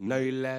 nay illa la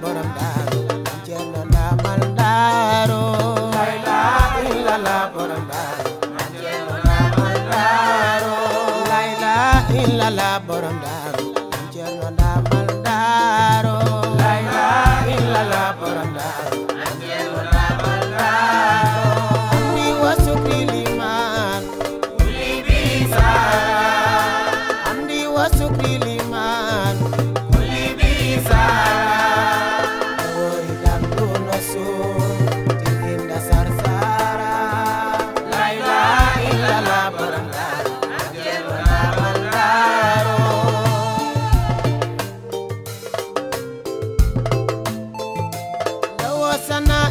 borom daaru am illa la borom daaru am illa la borom daaru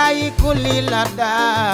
daa yi kulli la daa.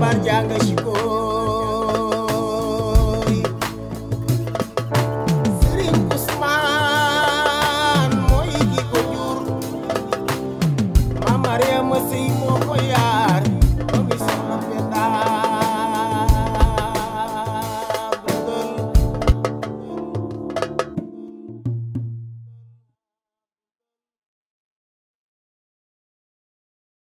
jàmbaar jàng ci ko